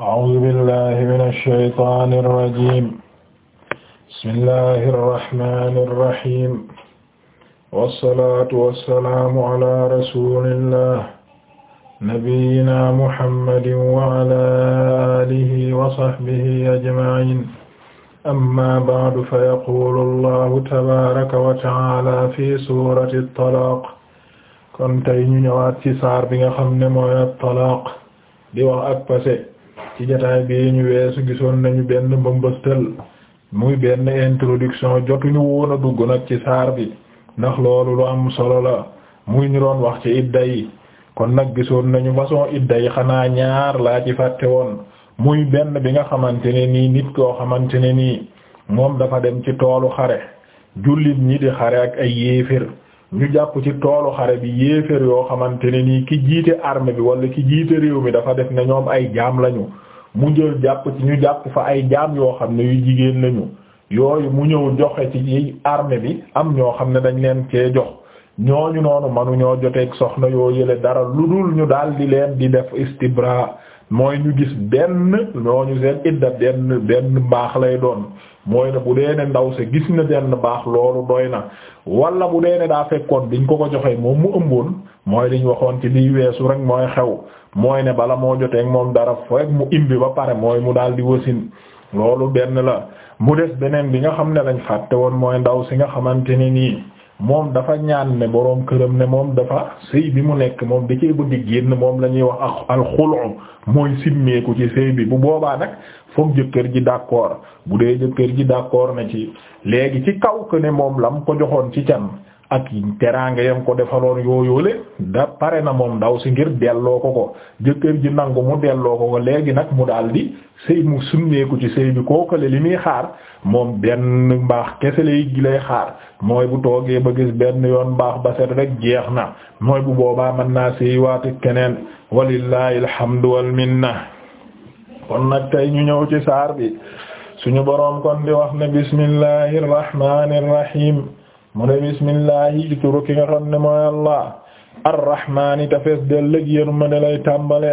أعوذ بالله من الشيطان الرجيم بسم الله الرحمن الرحيم والصلاة والسلام على رسول الله نبينا محمد وعلى آله وصحبه أجمعين أما بعد فيقول الله تبارك وتعالى في سورة الطلاق kon tey ñu ñëwaat ci saar bi nga xam ne mooy at-Talaaq di wax ak passé ci jotaay bi ñu weesu gisoon nañu benn mbambastal muy benn introduction jotuñu woon a dugg nag ci saar bi ndax loolu lu am solo la muy ñu wax ci idda yi kon nag gisoon nañu façon idda yi xanaa ñaar laa ci fàtte woon muy benn bi nga xamante ne nii nit koo xamante ne nii moom dafa dem ci toolu xare jullit ñi di xare ak ay yéefér ñu jàpp ci toolu xare bi yéefér yoo xamante ne nii ki jiite armée bi walla ki jiite réew mi dafa def ne ñoom ay jaam lañu mu jël jàpp ci ñu jàpp fa ay jaam yoo xam ne yu jigéen lañu yooyu mu ñëw joxe ci armée bi am ñoo xam ne dañ leen cee jox ñooñu noonu manu ñoo joteeg soxna yoo yële dara lu dul ñu daal di leen di def istibra mooy ñu gis benn moo ñu seen idda benn benn baax lay doon mooy ne bu dee ne ndaw sa gis na benn baax loolu doy na wala bu dee ne daa fekkoon biñ ko ko joxee moom mu ëmboon mooy liñ waxoon ci liy weesu rek mooy xew mooy ne bala moo jotee moom dara fekk mu imbi ba pare mooy mu daal di wasin loolu benn la mu des beneen bi nga xam ne lañ fàtte woon mooy ndaw si nga xamante ne nii moom dafa ñaan ne boroom këram ne moom dafa sëy bi mu nekk moom da cee bëgg génn moom la ñuy wax alxulu mooy simmeeku ci sëy bi bu boobaa nag foog jëkkër ji d'accord bu dee jëkkër ji d'accord na ci léegi ci kaw que ne moom lam ko joxoon ci can ak teraanga yam ko defaloon yooyoole da pare na moom ndaw si ngir delloo ko ko jëkkër ji nangu mu delloo ko ko léegi nag mu daldi sëy mu summeeku ci sëy bi kookale li muy xaar moom benn mbaax kese lay lay xaar mooy bu toogee ba gis benn yoon mbaax ba set rek jeex na mooy bu boobaa man naa sëy waate keneen walillahi alhamdu wal minna kon nag tey ñu ñëw ci saar bi suñu boroom kon di wax ne bismillahir mu ne bismillahi ci turu ki nga xam ne mooy allah arrahmaani te fees dellëg yërmande lay tàmbale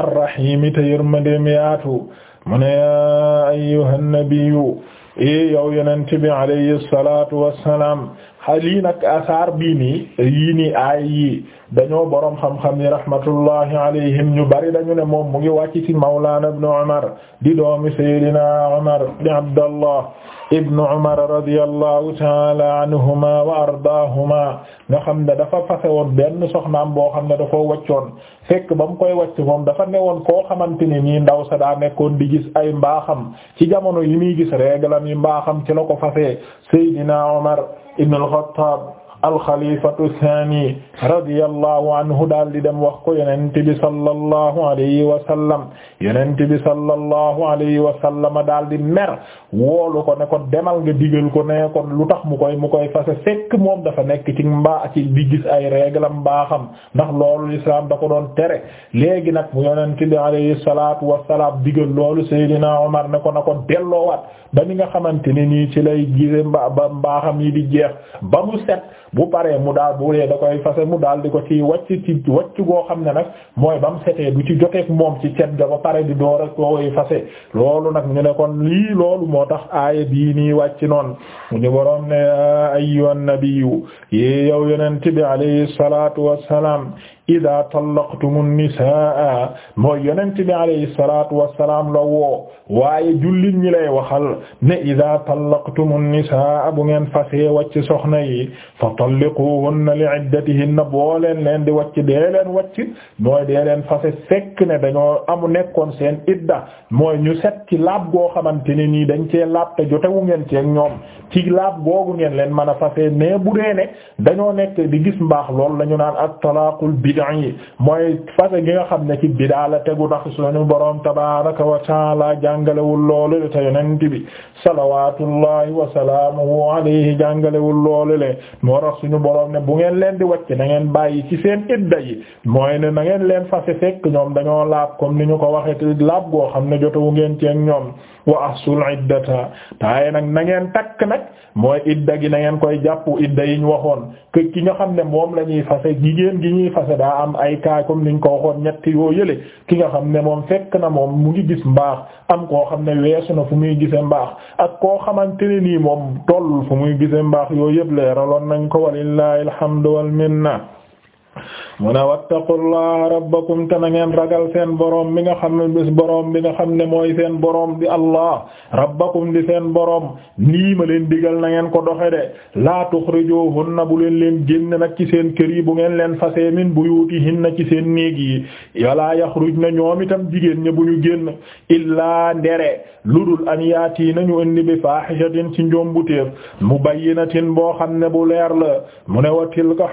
arrahimi te yërmande mi yaatu mu ne ya ayyuhan nabiyyu i yow yonent bi alayhi salaatu wassalaam lii nag asaar bii nii yii nii aay yii dañoo boroom xam-xam yi rahmatullahi alayhim ñu bari dañu ne moom mu ngi wàcc ci mawlaana ibnu umar di doomi sayyidina umar di abdallah ibnu umar radiyallahu taala anhuma wa ardaahuma nga xam ne dafa fase woon benn soxnaam boo xam ne dafa waccoon fekk ba mu koy wacc moom dafa newoon koo xamante ni nii ndaw sa daa nekkoon di gis ay mbaaxam ci jamono yi muy gis reegalam yi mbaaxam ci la ko fase sayyidina umar ibn al-Khattab alxalifatu thani radiyallahu anhu daal di dem wax ko yonent bi sallallahu alayhi wa sallam yonent bi sallallahu alayhi wa sallam daal di mer woolu ko ne ko demal nga digal ko ne ko lu tax mu koy mu koy fase fekk moom dafa nekk ci mbaa ci di gis ay réglam mbaaxam ndax loolu lislaam da ko doon tere léegi nag mu yonent bi alayhi salaatu wa salaam digal loolu Seydina Omar ne ko na ko delloowaat ba ni nga xamante ni nii ci lay gise mba ba mbaaxam yi di jee ba bu paree mu daal bu dee da koy fase mu daal di ko ci wàcc ci wacc goo xam ne nag mooy ba mu setee du ci joteeg moom ci cet ga ba pare di door ak koy fase loolu nag ñu ne kon lii loolu moo tax aaya bii nii wàcc noon mu ñu boroom ne ayyuhan nabiyyu yi yow yonent bi alayhi salaatu wassalaam ida tallaqtumu nisaa mooy yonent bi alayhi salaatu wassalaam la woo waaye jullit ñi lay waxal ne ida tallaqtumu nisaa bu ngeen fasee wacc soxna yi fa talliquhunna li iddatihinna boo leen leen di wacc dee leen wacc mooy dee leen fase fekk ne dañoo amu nekkoon seen idda mooy ñu set ci laab goo xamante ne nii dañ cee laab te jotewu ngeen ceeg ñoom ci laab googu ngeen leen mën a fase mais bu dee ne dañoo nekk di gis mbaax lool lañu naan at talaaqul bid bid'ah yi mooy fase gi nga xam ne ci bidaa la tegu ndax suñu boroom tabaaraka wa ta'aala jàngalewul loolu le te yonent bi salawaatullahi wa salaamuhu alayhi jàngalewul loolu le moo tax suñu boroom ne bu ngeen leen di wacc na ngeen bàyyi ci seen idda yi mooy ne na ngeen leen fase fekk ñoom dañoo laab comme ni ñu ko waxee te laab goo xam ne jotowu ngeen ci ñoom wa ahsul iddata taaye nag na ngeen takk nag mooy idda gi na ngeen koy jàpp idda yi ñu waxoon ki nga xam ne moom la ñuy fase jigéen gi ñuy fase daa am ay kaay comme ñu ko waxoon ñett yoo yële ki nga xam ne moom fekk na moom mu ngi gis mbaax am koo xam ne weesu na fu muy gise mbaax ak koo xamante ne nii moom toll fu muy gise mbaax yoo yëpp leeraloon nañ ko walillahi alhamdu wal minna mu ne wattaqullaha rabbakum te na ngeen ragal seen boroom bi nga xam ne bis boroom bi nga xam ne mooy seen boroom di allah rabbakum di seen boroom nii ma leen digal na ngeen ko doxe de laa tuxrijuhunna bu leen leen génn nag ci seen kër yi bu ngeen leen bu min na ci seen néeg yi walaa yaxrujna ñoom itam jigéen ña bu ñu génn illaa ndere ludul an yaatii nañu indi bi faahishatin ci njombuteef mubayyinatin boo xam ne bu leer la mu ne wa tilka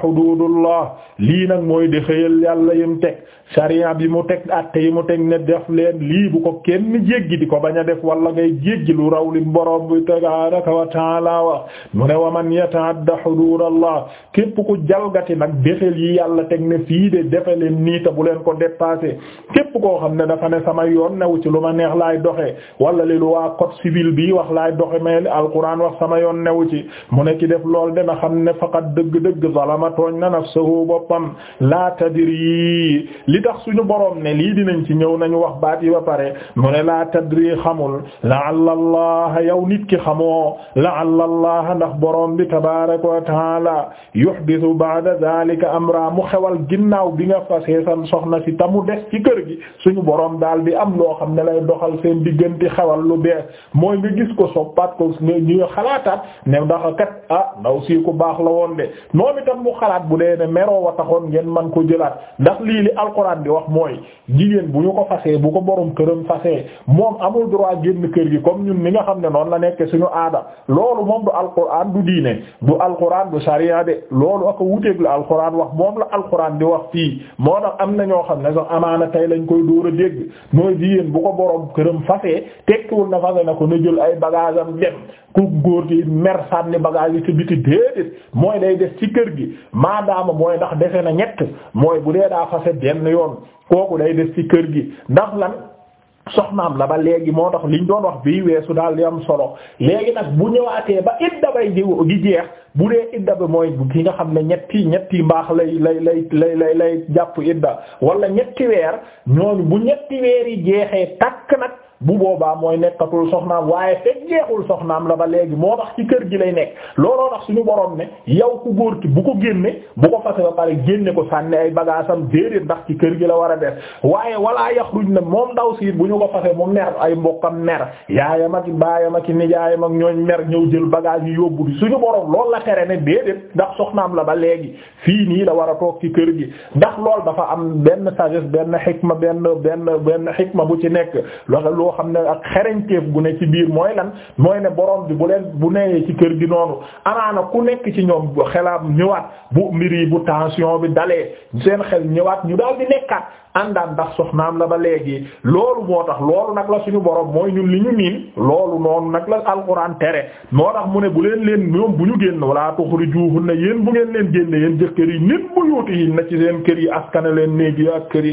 mooy di xëyal yàlla yi mu teg sariya bi mu teg atte yi mu teg ne ko kenn jéggi di a def wala ngay jéggi lu raw li borom bi wa taala wax mu ne wa man yata'adda képp ku jalgati nag defel yi yàlla teg ne fii de defe leen nii te bu leen ko dépassé xam ne dafa ne sama yoon newu ci lu ma neex laay doxe wala li lu waa code civil bi wax laay doxe mais alquran wax sama yoon newu ci mu ne ki def lool dana xam ne faqat dëgg-dëgg zalama tooñ na nafsuhu boppam laa tadri li tax suñu boroom ne lii dinañ ci ñëw nañu wax baat yi ba pare mu ne laa tadri xamul la'alla allah yow nit ki xamoo la'alla allah ndax boroom bi tabaaraka wa taala yuhdithu ba'da dhalika mu xewal ginnaaw bi nga fasee san soxna si ta mu des ci kër gi suñu boroom daal di am loo xam ne lay doxal seen diggante xewal lu bees mooy nga gis ko soppaat ko ñu xalaataat ne ndax ah ndaw si ku baax la woon de moom itam mu xalaat bu dee ne meroo wa taxoon ngeen man ko jëlaat ndax lii li alxuraan bi wax mooy jigéen bu ñu ko fasee bu ko borom këram fasee moom amul droit génn kër gi comme ñun ni nga xam ne noonu la nekkee suñu aada loolu moom du alxuraan du diine du alxuraan du sariya de loolu ak wuteeg la alxuraan wax moom la alxuraan di wax fii moo tax am na ñoo xam ne sax amaana tey lañ koy dóor a dégg mooy jigéen bu ko boroom këram fasee tekkiwul na fase na ko nu jël ay bagage am dem ku góor gi mer sànni yi ci biti déedéet mooy day ci kër gi maadaama mooy ndax defe na ñett mooy bu dee daa fase benn yoon kooku day des ci kër gi ndax lan soxnaam la ba léegi moo tax liñ doon wax bii weesu daal di am solo léegi nag bu ñëwaatee ba idda bay gi di jeex bu dee idda bi mooy ki nga xam ne ñetti ñetti mbaax lay lay lay lay lay lay jàpp idda wala ñetti weer ñooñu bu ñetti weer yi jeexee takk nag. bu boobaa mooy nekkatul soxnaam waaye fekk jeexul soxnaam la ba léegi moo tax ci kër gi lay nekk looloo tax suñu borom ne yow ku góor ki bu ko génne bu ko fase ba pare génne ko sànni ay bagaasam déedéet ndax ci kër gi la war a def waaye walaa yaxruj na moom ndaw siit bu ñu ko fase mu mer ay mbokkam mer yaayam ak baayam ak nijaayam ak ñooñ mer ñëw jël bagage yi yóbbu suñu borom loolu la tere ne déedéet ndax soxnaam la ba léegi fii nii la war a toog ci kër gi ndax lool dafa am benn sagesse benn xikma benn benn benn xikma bu ci nekk loo xam ne ak xereñteef gu ne ci biir mooy lan mooy ne borom bi bu leen bu newee ci kër gi noonu amaana ku nekk ci ñoom xelaam ñëwaat bu mbir yi bu tension bi dalee seen xel ñëwaat ñu daal di nekkaat andaan ndax soxnaam la ba léegi loolu moo tax loolu nag la suñu borom mooy ñun li ñu niin loolu noonu nag la alxuraan tere moo tax mu ne bu leen leen ñoom bu ñu génn wala na yéen bu ngeen leen génne yéen jëkkër yi nit buyutihinna ci seen kër yi askana leen néegi kër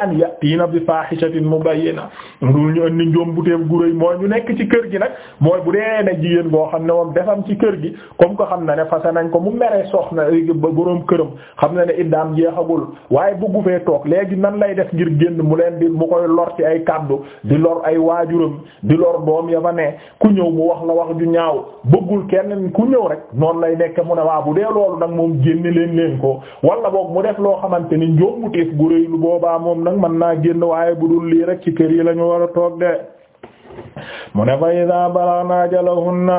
an yatiina bi faahishatin mubayyina ndul ñu indi njombuteef gu rëy mooy ñu nekk ci kër gi nag mooy bu dee na jigéen boo xam ne moom defam ci kër gi ko xam na ne fase nañ ko mu meree soxna ba boroom këram xam na ne iddaam jeexagul waaye bëggu fee toog léegi nan lay def ngir génn mu leen di mu koy lor ci ay kàddu di lor ay waajuram di lor doom ya fa ne ku ñëw mu wax la wax ju ñaaw bëggul kenn ku ñëw rek noonu lay nekk mu ne waa bu dee loolu nag moom génne leen leen ko wala boog mu def loo nag man naa génn waaye bu dul lii rek ci kër yi lañu ñu war a toog de mu ne naa jalo balagna ajalahunna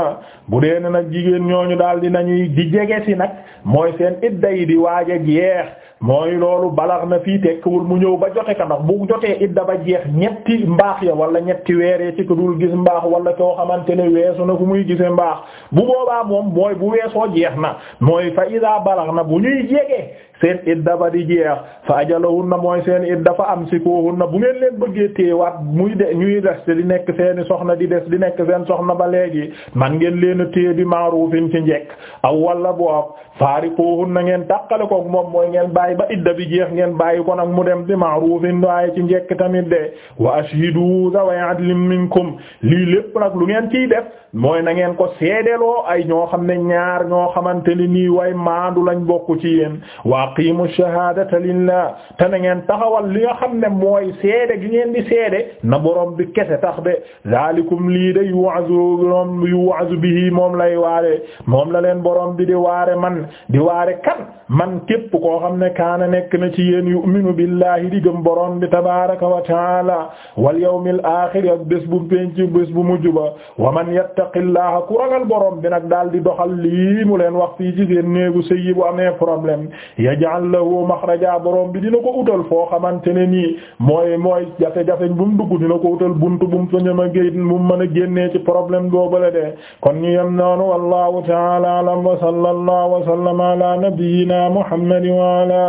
bu dee nag jigéen ñooñu daal di nañuy di jege si nag mooy seen idda yi di waaj a jeex mooy loolu balax na fii tekkiwul mu ñëw ba jote ka ndax bu jotee idda ba jeex ñetti mbaax ya wala ñetti weeree ci ko dul gis mbaax wala koo xamante ne weesu na fu muy gisee mbaax bu boobaa moom mooy bu weesoo jeex na mooy fa idaa na bu ñuy seen idda ba di jeex fa ajalahunna mooy seen idda fa amsikuhunna bu ngeen leen bëggee téewaat muy de ñuy des di nekk seeni soxna di des di nekk seen soxna ba léegi man ngeen leen a téye bi ma'rufin ci njekk aw wala boog faariquhunna ngeen tàqale ko moom mooy bàyyi ba idda bi jeex ngeen bàyyi ko nag mu dem bi ma'rufin waaye ci njekk tamit de wa ashhidu zaway adlin minkum lii lépp nag lu ngeen ci def mooy na ngeen ko seedeloo ay ñoo xam ne ñaar ñoo xamante ni nii way maandu lañ bokk ci yéen wa aqimu shahadata lillah te na ngeen taxawal li nga xam ne mooy seede gi ngeen di seede na borom bi kese tax de zalikum lii de yu'azu yu'azu bihi moom lay waare moom la leen borom bi di waare man di waare kan man képp koo xam kaana nekk na ci yéen yu'minu billahi di gëm borom bi tabaaraka wa taala wal yawmil aaxir ak bu penc bés bu mujj ba wa man yattaqillaha bi nag daal di doxal lii mu leen wax fii ci seen néegu sëy yi bu amee problème yaj'al lahu maxraja borom bi dina ko utal foo xamante ne nii mooy mooy jafe-jafe bu mu dina ko utal buntu bu mu fa ñëma a génnee ci problème boobale de kon ñu yem noonu wallahu ta'ala a'lam wa sallallahu wa sallama ala nabiyyina muhammadin wa ala